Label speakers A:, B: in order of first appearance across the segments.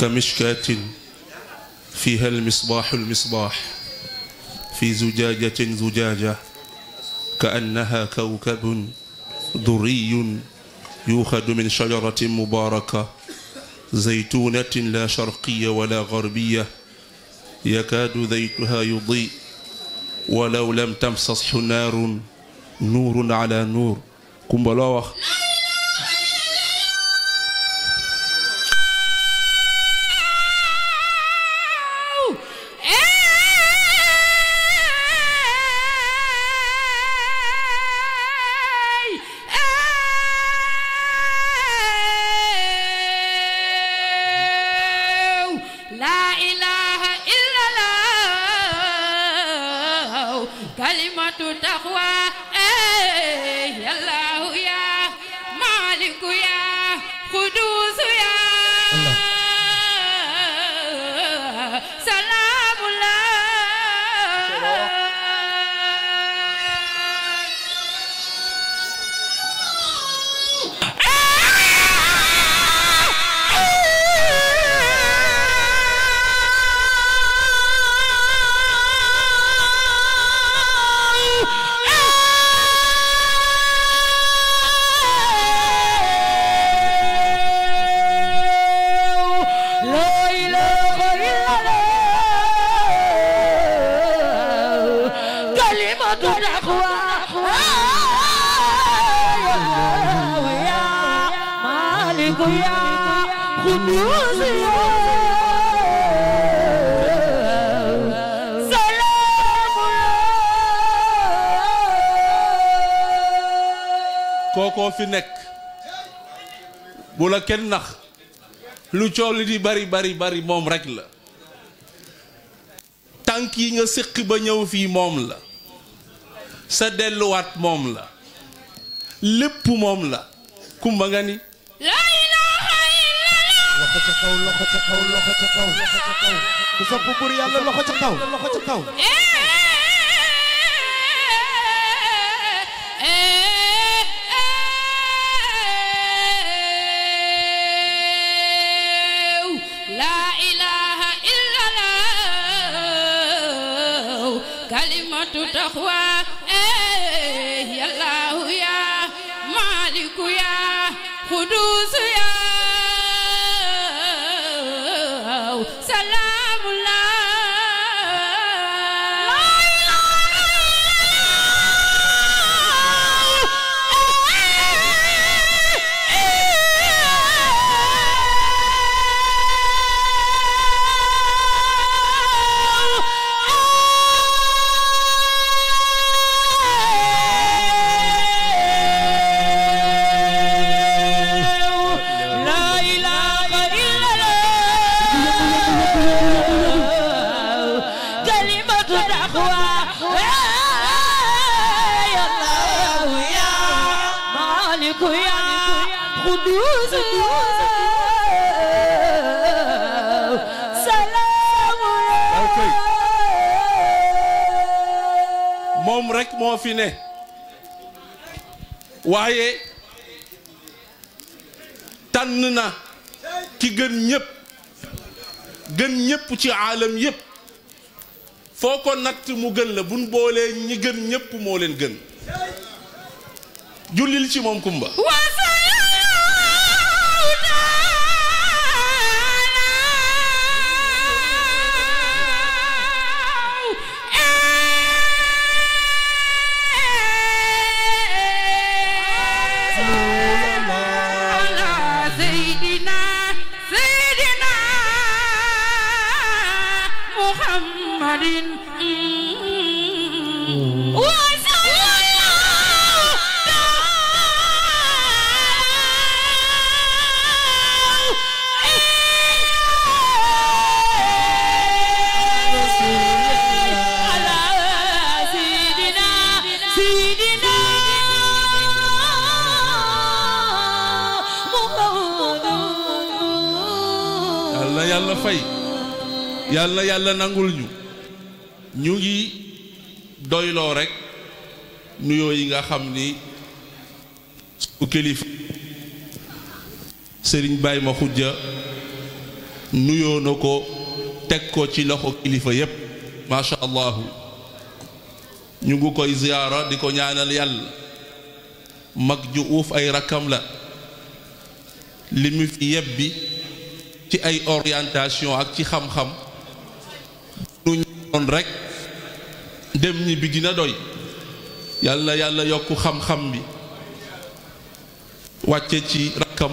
A: كمشكاة فيها المصباح المصباح في زجاجة زجاجة كأنها كوكب دري يوخد من شجرة مباركة زيتونة لا شرقية ولا غربية يكاد زيتها يضيء ولو لم تمسسه نار نور على نور كمبلاوخ
B: taqwa ay yàlla
A: koo fi nekk bu la kenn nax lu coow li di bari bari bari moom rek la tànk yi nga séq ba ñëw fii moom la sa delluwaat moom la lépp moom la kumba nga ni
B: laa ilaaha illallaah
A: loxo
B: ca tu taxwa eh yàllaahu yaa maaliku yaa xuduus
A: rek moo fi ne waaye tànn na ki gën ñëpp gën ñëpp ci aalam yépp foo ko natt mu gën la buñ boolee ñi gën ñëpp moo leen gën jullil ci moom kumba fay yàlla yàlla nangul ñu ñu ngi doyloo rekk nuyoo yi nga xam ni su kilifa sëriñ Baye ma xujja nuyoo na ko teg ko ci loxo kilifa yépp macha allah ñu ngi koy ziyaara di ko ñaanal yàlla mag ju uuf ay rakkam la li mu fi ci ay orientation ak ci xam-xam ñu doon rek dem ñi bi dina doy yàlla yàlla yokk xam-xam bi wàcce ci rakkam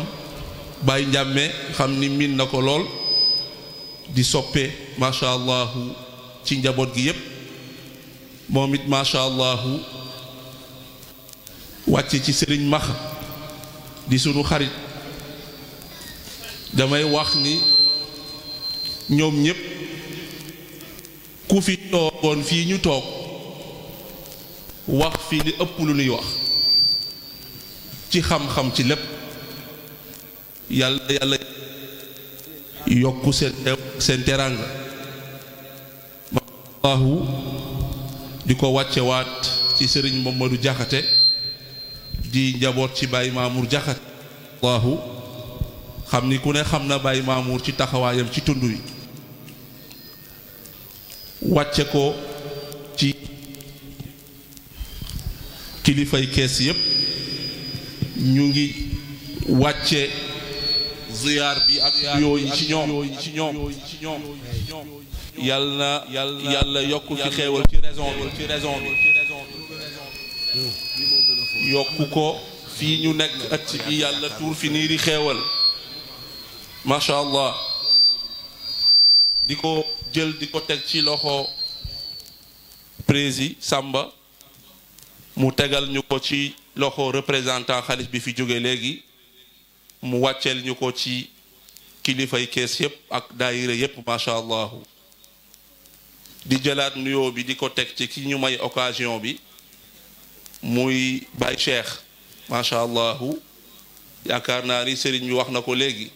A: bay njàmme xam ni miin na ko lool di soppe macha allah ci njaboot gi yépp moom it macha allah wàcce ci sëriñ max di sunu xarit damay wax ni ñoom ñépp ku fi toogoon fii ñu toog wax fii li ëpp lu ñuy wax ci xam-xam ci lépp yàlla yàlla yokk seen seen teraanga allahu di ko wàcce waat ci sëriñ Mamadou Jaxate di njaboot ci Baay Mamour Jaxate allahu xam ni ku ne xam na Baye Mamour ci taxawaayam ci tund wi wàcce ko ci kilifay kees yépp ñu ngi wàcce ziyaar bi ak yooyu ci ñoom ci ñoom yal na yàlla yokk fi xéewal ci raison bi ci raison bi yokku ko fii ñu nekk at bi yàlla tuur fi niiri xéewal macha allah di ko jël di ko teg ci loxo prési sàmba mu tegal ñu ko ci loxo représentant xaalis bi fi jóge léegi mu wàcceel ñu ko ci kilifay kees yépp ak daayira yépp macha allah di jëlaat nuyoo bi di ko teg ci ki ñu may occasion bi muy Baye Cheikh macha allah yaakaar naa ni sëriñ bi wax na ko léegi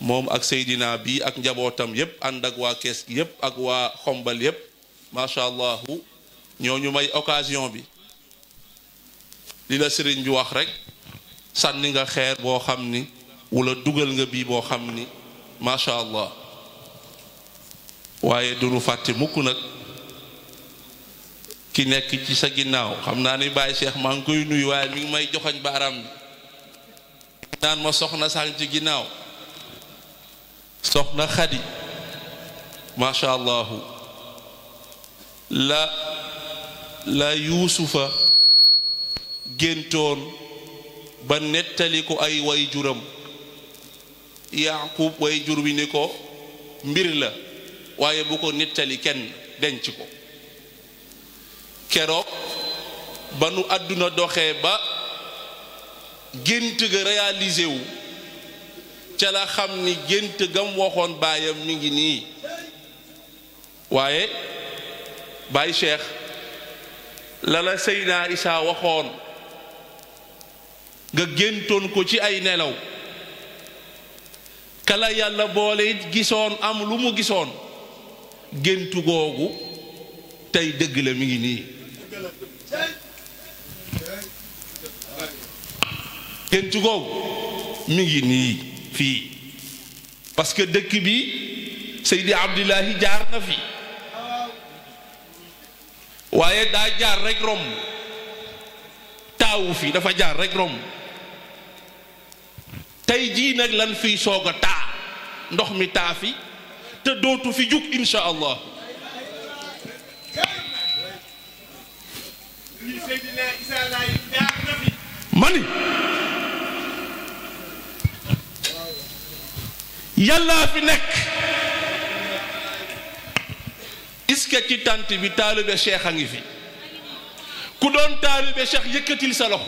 A: moom ak seydinaa bii ak njabootam yépp ànd ak waa kees gi yépp ak waa xombal yépp macha allah ñoo ñu may occasion bi li la sëriñ bi wax rek sànni nga xeer boo xam ni wala dugal nga bii boo xam ni macha allah waaye duñu fàtte mukk nag ki nekk ci sa ginnaaw xam naa ni Baye Cheikh maa ngi koy nuyu waaye mi ngi may joxoñ baaraam bi naan ma soxna sàng ci ginnaaw soxna xadi macha allahu la la yuusufa géntoon ba nettali ko ay wayjuram yaqub wayjur bi ni ko mbir la waaye bu ko nettali kenn denc ko keroog ba nu àdduna doxee ba gént ga réalisé wu ca la xam ni gént gam waxoon baayam mi ngi nii waaye bàyyi cheikh lala la Seydina Isaa waxoon nga géntoon ko ci ay nelaw kala yàlla boole it gisoon am lu mu gisoon gént googu tey dëgg la mi ngi nii géntu googu mi ngi nii fii parce que dëkk bi Seydi Abdullahi jaar na fi waaye daa jaar rek rom taawu fi dafa jaar rek rom tey jii nag lan fiy soog a taa ndox mi taa fi te dootu fi jug insha allah mani يلا في نك اسكا تي تانت بي طالب الشيخ اني في كو دون طالب الشيخ يكتي لسلوخ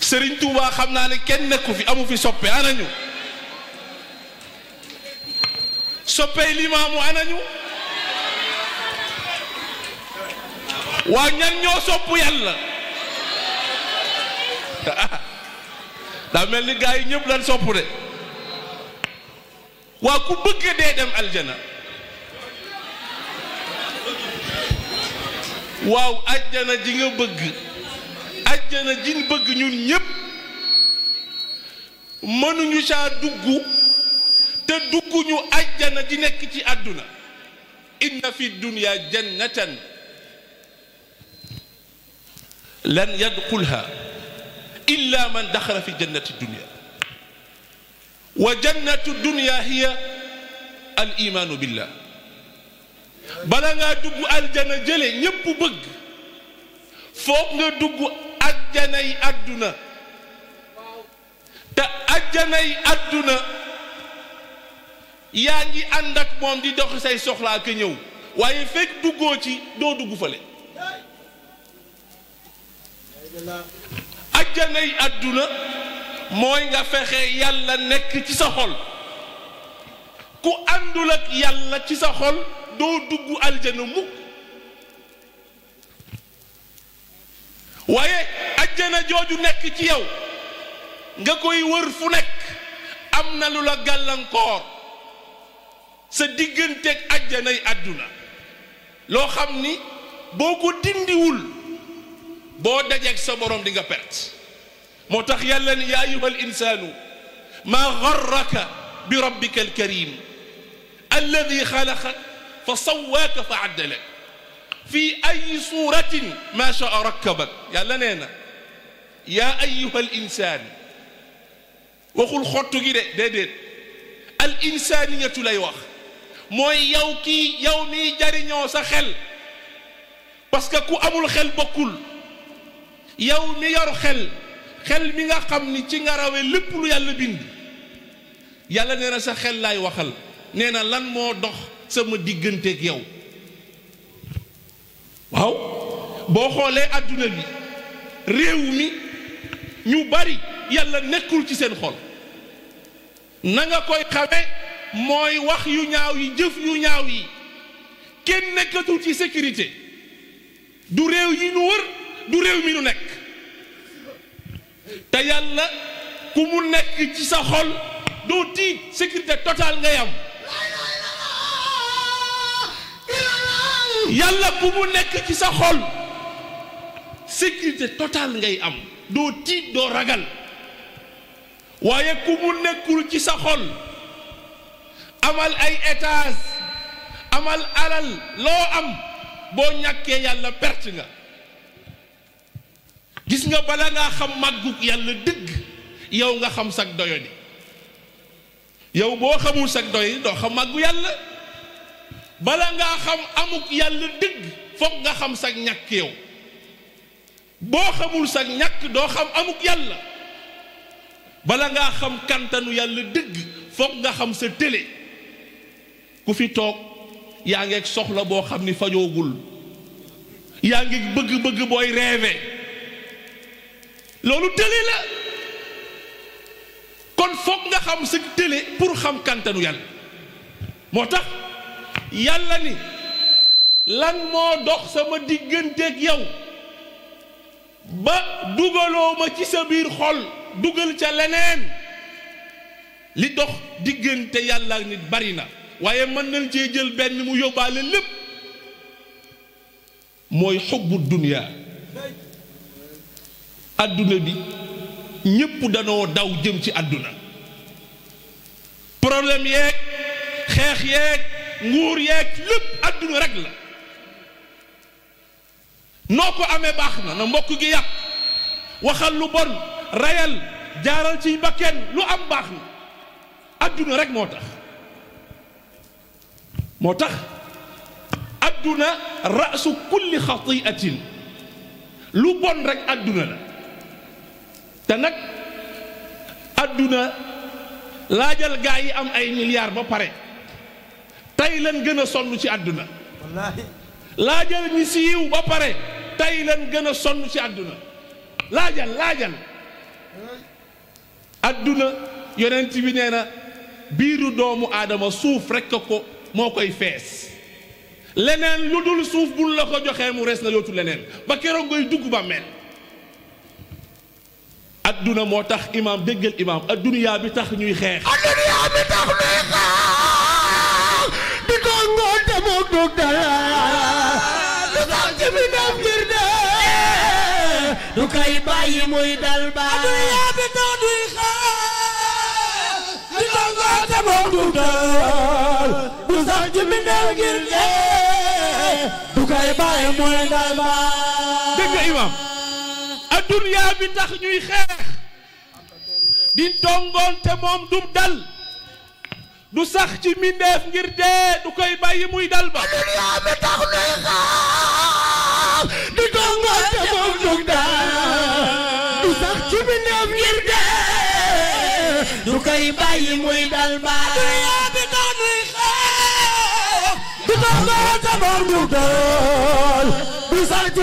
A: سرين توبا خمنا لكن نكو في امو في صوبي انا نيو صوبي سوبي الامامو انا نيو وانيان نيو سوبو يلا يلا daa mel ni gaa yi ñëpp lan sopp de waa ku bëgg dee dem aljana waaw ajjana ji nga bëgg ajjana ji ñu bëgg ñun ñëpp mënuñu saa dugg te dugguñu ajjana ji nekk ci àdduna inna fi dunya jannatan lan yadxulha إلا من دخل في جنة الدنيا وجنة الدنيا هي الإيمان بالله بلا دب الجنة جلي نيب بغ فوق نا دب الجنة الدنا تا الجنة الدنا ياني عندك موم دي دوخ ساي سوخلا كي نيو وايي فيك دوغو تي دو دوغو فالي àjjanay àdduna mooy nga fexe yàlla nekk ci sa xol ku àndul ak ci sa xol dugg aljana waaye àjjana jooju nekk ci yow nga koy wër fu nekk am na lu la gàllankoor sa digganteeg àjjanay àdduna loo xam ni boo ko dindiwul boo dajeek sa borom di nga موتاخ يا ايها الانسان ما غرك بربك الكريم الذي خلقك فصواك فعدلك في اي صوره ما شاء ركبك يا لنانا يا ايها الانسان وقل خط غي ديدت الانسانيه لا يوخ موي يوكي يومي جاري نيو سا خيل باسكو كو امول خيل بوكول يومي يور خيل xel mi nga xam ni ci nga rawe lépp lu yàlla bind yàlla nee na sa xel laay waxal nee na lan moo dox sama digganteeg yow waaw boo xoolee àdduna bi réew mi ñu bari yàlla nekkul ci seen xol na nga koy xame mooy wax yu ñaaw yi jëf yu ñaaw yi kenn nekkatul ci sécurité du réew yi nu wër du réew mi nu nekk te yàlla ku mu nekk ci sa xol doo tiit sécurité totale ngay am yàlla ku mu nekk ci sa xol sécurité totale ngay am doo tiit doo ragal waaye ku mu nekkul ci sa xol amal ay étage amal alal loo am boo ñàkkee yàlla perte nga gis nga bala ngaa xam màggug yàlla dëgg yow nga xam sak doyo di yow boo xamul sak doy do xam màggu yàlla bala ngaa xam amuk yàlla dëgg foog nga xam sak ñàkk yow boo xamul sag ñàkk doo xam amuk yàlla bala ngaa xam kantanu yàlla dëgg foog nga xam sa télé ku fi toog yaa ngeeg soxla boo xam ni fajoogul yaa ngi bëgg-bëgg loolu tële la kon foog nga xam si tële pour xam kàntanu yàlla moo tax yàlla ni lan moo dox sama digganteeg yow ba dugaloo ma ci sa biir xol dugal ca leneen li dox diggante yàlla nit bari na waaye mën nañ cee jël benn mu yóbbaale lépp mooy xubbu dunya àdduna bi ñépp danoo daw jëm ci àdduna problème yeeg xeex yeeg nguur yeeg lépp àdduna rek la noo ko amee baax na na mbokk gi yàq waxal lu bon rayal jaaral ci bakken lu am baax na àdduna rek moo tax moo tax àdduna raasu kulli xatiatin lu bon rek àdduna la te nag àdduna laajal gaa yi am ay milliards ba pare tey lan gën a sonn ci àdduna laajal ñi siiw ba pare tey lan gën a sonn ci àdduna laajal laajal àdduna yonent bi nee biiru doomu aadama suuf rekk ko moo koy fees leneen lu dul suuf bu la ko joxee mu res na yootu leneen ba keroog ngay dugg ba adduna moo tax imaam déggal imaam adduniyaa bi tax ñuy bi tax ñuy xeex di bi tax ñuy xeex di ko ngoonte moom dug dara dunyaa bi tax ñuy xeex di dongoonte moom du dal du sax ci mbindeef ngir dee du koy bàyyi muy dal ba dunyaa bi tax ñuy xeex di dongoonte
B: moom du dal du sax ci mbindeef ngir dee du koy bàyyi muy dal ba dunyaa bi tax ñuy xeex di dongoonte moom du dal du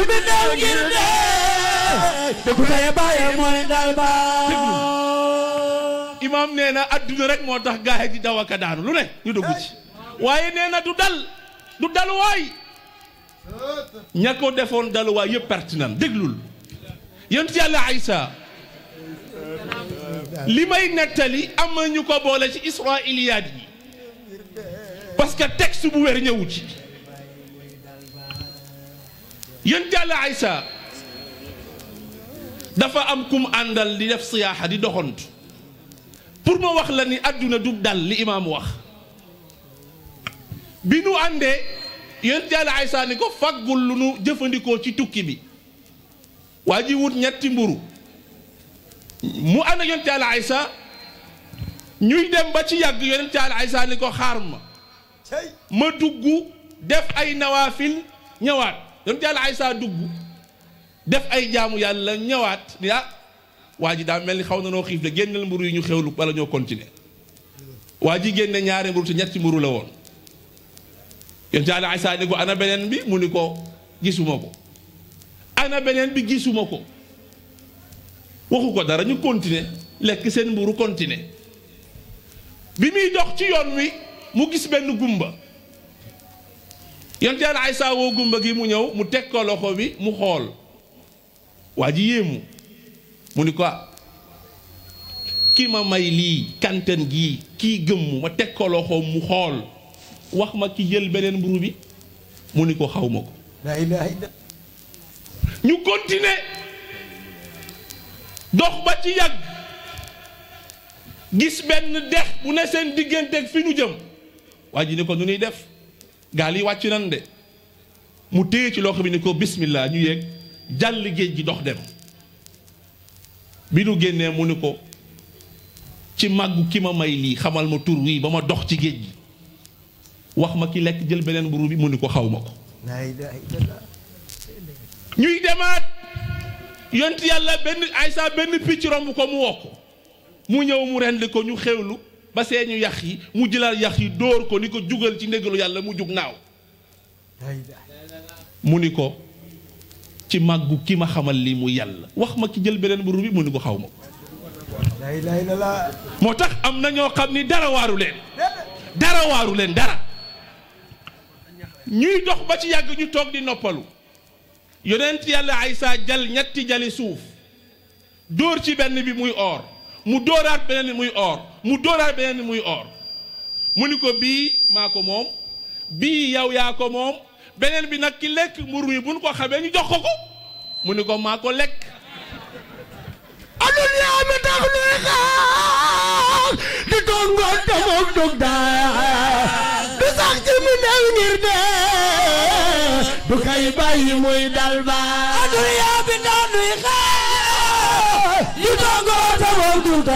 A: ku tey bàyyi mooy dal ba imaam nee na adduna rek moo tax gaay di daw ak daanu lu ne ñu dugg ci waaye nee na du dal du daluwaay ña ko defoon daluwaay yëpp pertinent déglul yonent yàlla Isa li may nettali am na ñu ko boole ci israiliyaat yi parce que texte bu wér ñëwu ci yonent yàlla Isa dafa am kum àndal di def siyaaxa di doxant pour ma wax la ni àdduna du dal li imaam wax bi nu àndee yonent yàlla Aysa ni ko fàggul lu nu jëfandikoo ci tukki bi waa ji wut ñetti mburu mu ànd ak yonent yàlla ñuy dem ba ci yàgg yonent yàlla Aysa ni ko xaar ma ma dugg def ay nawaafil ñëwaat yonent yàlla Aysa dugg def ay jaamu yàlla ñëwaat ni ah waa ji daa mel ni xaw na noo xiif de génneel mburu yi ñu xewlu bala ñoo continuer waa ji génne ñaari mburu te ñetti mburu la woon yén taala Aysa ni ko ana beneen bi mu ni ko gisuma ko ana beneen bi gisuma ko waxu ko dara ñu kontine lekk seen mburu continuer bi muy dox ci yoon wi mu gis benn gumba yonte yàlla Aysa woo gumba gi mu ñëw mu teg ko loxo bi mu xool waa ji yéemu mu ni ko ki ma may lii kantan gi kii gëmm ma teg ko loxoom mu xool wax ma ki jël beneen mburu bi mu ni ko xawma ma ko ñu continuer dox ba ci yàgg gis benn dex bu ne seen diggante fi ñu jëm waa ji ni ko nu ñuy def gaal yi wàcc nan de mu téye ci loxo bi ni ko bismillah ñu yéeg jàll géej gi dox dem bi nu génnee mu ni ko ci màggu ki ma may lii xamal ma tur wii ba ma dox ci géej gi wax ma ki lekk jël beneen mburu bi mu ni ko xaw ma ko ñuy demaat yont yàlla benn aysa benn picc romb ko mu woo mu ñëw mu rend ko ñu xewlu ba seeñu yax yi mu jëlaat yax yi dóor ko ni ko jógal ci ndégalu yàlla mu jug naaw mu ni ko ci màggu ki ma xamal lii mu yàlla wax ma ki jël beneen mburu bi mu ni ko xaw ma ko moo tax am na ñoo xam ni dara waaru leen dara waaru leen dara ñuy dox ba ci yàgg ñu toog di noppalu yonent yàlla Aysa jal ñetti jali suuf dóor ci benn bi muy or mu dóoraat beneen muy or mu dóoraat beneen bi muy or mu ni ko bii maa ko moom bii yow yaa ko moom beneen bi nag ki lekk mburu mi bu ko xamee ñu jox ko ko mu ni ko maa ko lekk adul
B: yaa mi tax nuy xaar di toog ngoon te moom jóg daa sax ci mi neew ngir du kay bàyyi muy dal baa adul yaa mi tax nuy xaar di toog ngoon te moom jóg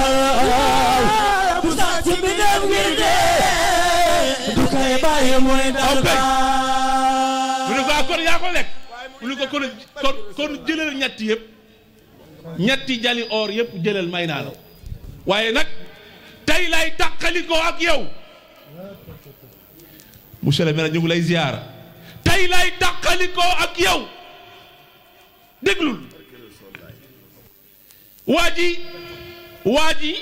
B: du sax ci mi neew ngir du kay bàyyi muy dal baa
A: kon kon kon jëlal ñetti yëpp ñetti jali or yëpp jëlal may naa waaye nag tey lay tàqalikoo ak yow monsieur le maire ñu ngi lay ziyaara tey lay tàqalikoo ak yow déglul waa ji waa ji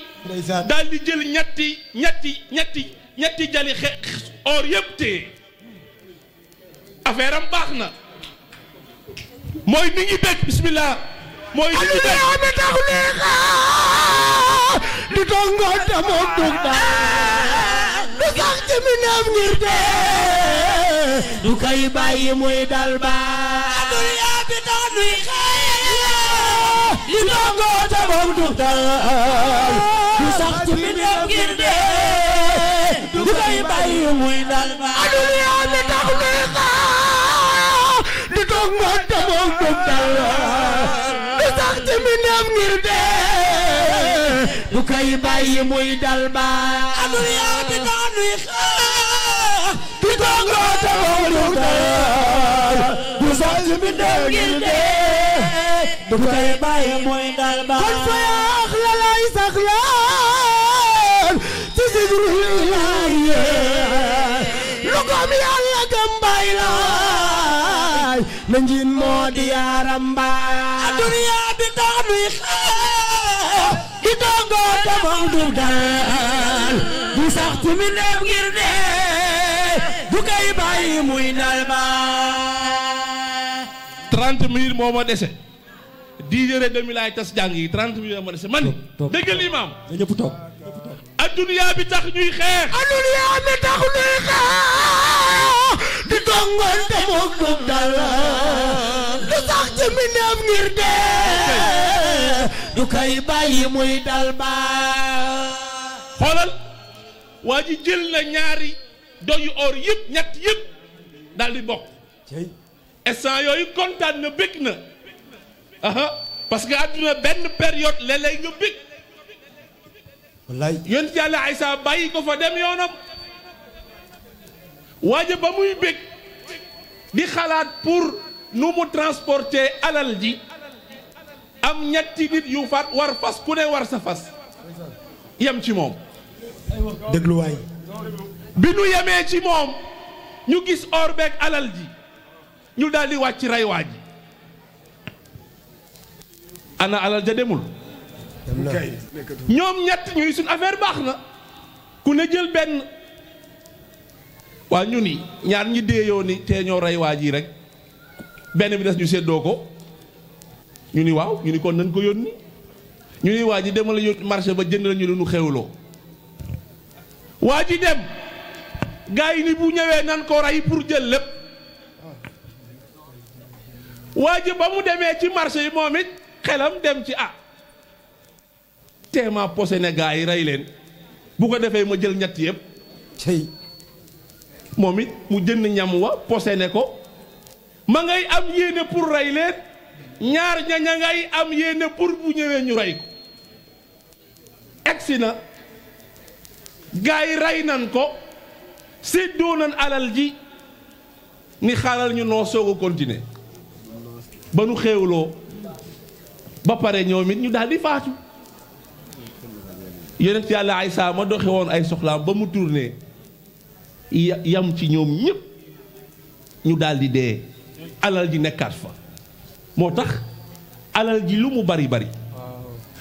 A: daal jël ñetti ñetti ñetti ñetti jali xe or yëpp téye baax na mooy nit ñi dégg bismillah mooy nit ñi dégg
B: du kay bàyyi muy dal ba talla du sax ci mbindeef ngir dee du koy bàyyi muy dal ba anu yaa di daanuy xaar di tàngoo te wóolu dal du sax ci mbindeef ngir dee du koy bàyyi muy dal ba kon na njiin moo di yaaram mbaa duniya bi daanuy xaar di dongoo te moom du
A: dal du sax ci mi neef ngir dee du koy bàyyi muy nal ma trente minutes moo ma dese dix heures et demi laay tas jàng yi trente moo ma dese man déggal imaam ñëpp toog adduniyaa bi tax ñuy xeex. adduniyaa bi tax ñuy xeex.
B: di dongoonte moog moom dara. du sax ci mbindeef ngir
A: dee. du koy bàyyi muy dal ba. xoolal waa ji jël na ñaari doyu or yëpp ñett yëpp daal di bokk. instant yooyu kontaan na bëgg na. aha parce que adduna benn période léeg-léeg nga bëgg. wallaay yonent yàlla Aysa bàyyi ko fa dem yoonam waaja ba muy bég di xalaat pour nu mu transporter alal ji am ñetti nit yu fat war fas ku ne war sa fas yem ci moom dégluwaay bi nu yemee ci moom ñu gis or beeg alal ji ñu daldi wàcc rey waa ji ana alal ja demul ñoom ñett ñuy suñ affaire baax na ku ne jël benn waa ñu ni ñaar ñi déeyoo ni te ñoo rey waa ji rek benn bi des ñu seddoo ko ñu ni waaw ñu ni kon nañ ko yónni ñu ni waa ji demal yónni marché ba jënd la ñu lu xewloo waa ji dem gars yi ni bu ñëwee nan ko rey pour jël lépp waa ji ba mu demee ci marché yi moom it xelam dem ci ah teema posé ne gaa yi rey leen bu ko defee ma jël ñett yëpp cey moom it mu jënd ñam wa pose ne ko ma ngay am yéene pour rey leen ñaar ñaña ngay am yéene pour bu ñëwee ñu rey ko egsi na gaa yi rey nan ko séddoo nan alal ji ni xaaral ñu noo soog a continuer ba nu xéewloo ba pare ñoom it ñu daal di yonent yàlla Isaa ma doxe woon ay soxlaam ba mu tourné yam ci ñoom ñépp ñu daldi di dee alal ji nekkaat fa moo tax alal ji lu mu bari bari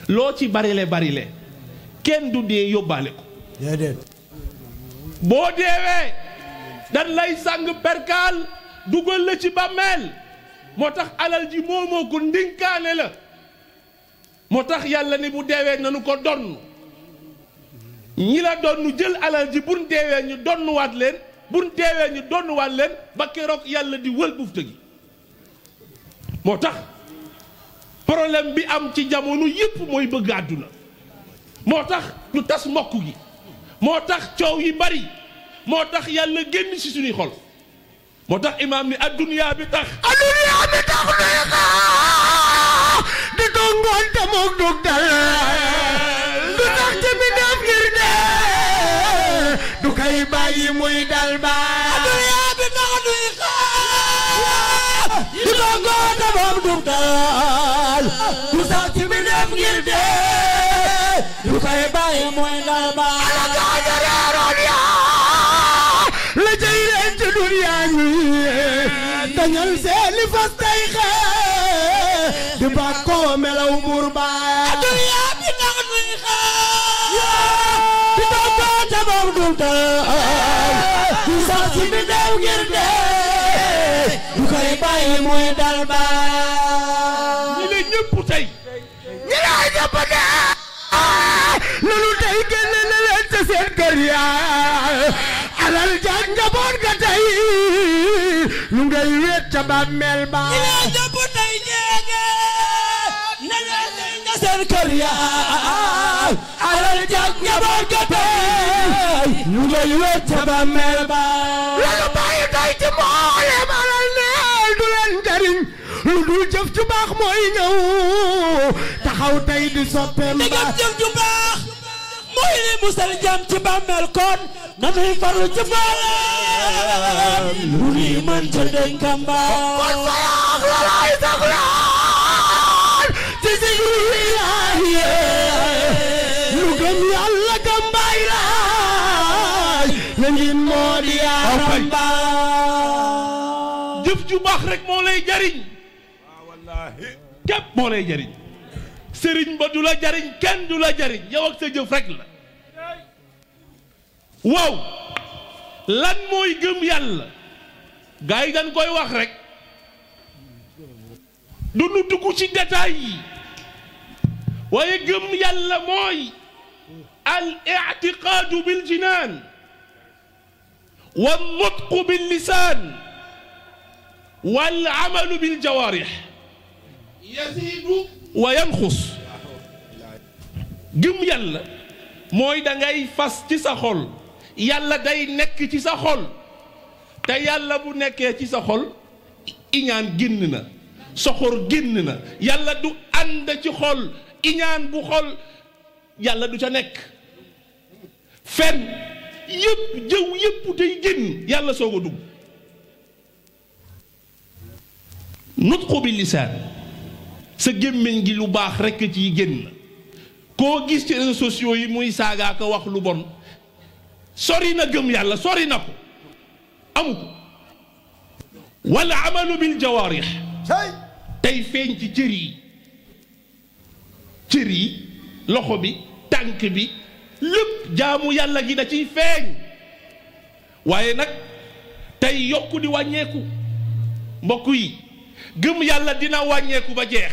A: loo ci barile barile kenn du dee yóbbaale ko boo deewee dan lay sàng perkaal dugal la ci bàmmeel moo tax alal ji moomoo ko ndinkaane la moo tax yàlla ni bu deewee nanu ko donn ñi la doon nu jël alal ji buñ deewee ñu donnuwaat leen buñ deewee ñu donnuwaat leen ba keroog yàlla di wël bufte gi moo tax problème bi am ci jamono yépp mooy bëgg àdduna moo tax ñu tas mbokk gi moo tax coow yi bari moo tax yàlla génn ci suñuy xol moo tax imaam ni adduniyaa bi tax adduniyaa bi tax
B: dum du sax ci bi def ngir du koy bàyyi mooy normal ala gaa ja reeroon yaa la jëy leen ci duniyaa ñi dañal seeni fas tey xee di bàkkoo melaw buur baaya duniyaa bi du sax bi def du koy bàyyi mooy dalba abada nanu tey génne na leen ca seen kër yaa alal jaag njaboot ga tey nu ngay wéet ca bàmmeel ba ñëpp tey jéege na leen tey na seen kër yaa alal jaag njaboot ga tey nu ngay wéet ca bàmmeel ba lalu bàyyi tey ci mbooleem alal neel du leen jariñ lu dul jëf ju baax mooy ñëw taxaw tey di soppeem baax mooy li musal jam ci bàmmeel kon nanuy farlu ci faalam lu nuy mën ca dénkam baax walaay saxlaan ci zikru lu gëm yàlla gëm
A: baay laay la ngin moo di yaaram baax jëf ju baax rek moo lay jariñ sëriñ ba du la jariñ kenn du la jariñ yow ak sa jëf rek la waaw lan mooy gëm yàlla gars yi koy wax rek du nu dugg ci détail yi waaye gëm yàlla mooy al i'tiqaadu bil jinan wal nutqu bil lisan wal amalu bil jawaarix yasiidu wa yanxus gëm yàlla mooy da ngay fas ci sa xol yàlla day nekk ci sa xol te yàlla bu nekkee ci sa xol iñaan génn na soxor génn na yàlla du ànd ci xol iñaan bu xol yàlla du ca nekk fen yépp jëw yépp tey génn yàlla soog a dugg nutqu sa gémmiñ gi lu baax rekk ci génn koo gis ci réseaux sociaux yi muy saaga ko wax lu bon sori na gëm yàlla sori na ko amu ko wala amalu bil jawaarix tey feeñ ci cër yi cër yi loxo bi tànk bi lépp jaamu yàlla gi da ciy feeñ waaye nag tey yokku di wàññeeku mbokk yi gëm yàlla dina wàññeeku ba jeex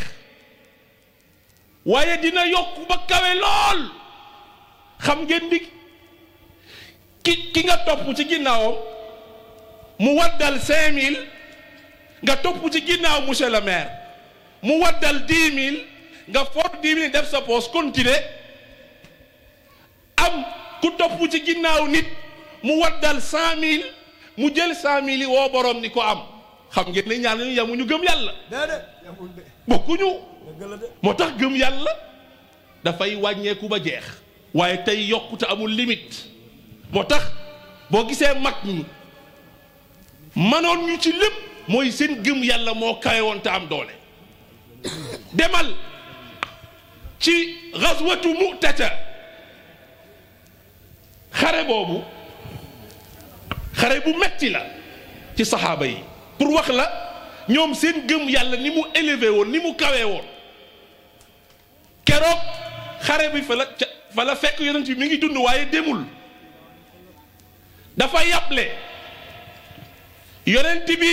A: waaye dina yokk ba kawe lool xam ngeen ni ki ki nga topp ci ginnaawam mu waddal cinq nga topp ci ginnaaw monsieur le mu waddal dix nga for dix def sa poos continuer am ku topp ci ginnaaw nit mu waddal cent mille mu jël cent mille yi woo borom ni ko am xam ngeen ne ñaar ñu gëm yàlla. déedéet bokkuñu. moo tax gëm yàlla dafay wàññeeku ba jeex. waaye tey yokkute amul limit moo tax boo gisee mag ñi manoon ñu ci lépp mooy seen gëm yàlla moo kawe woon te am doole. demal ci xaswatu mutata xare boobu xare bu metti la ci saxaaba yi. pour wax la ñoom seen gëm yàlla ni mu élevé woon ni mu kawee woon keroog xare bi fa la fekk yonent bi mi ngi dund waaye demul dafa yàble
B: yonent bi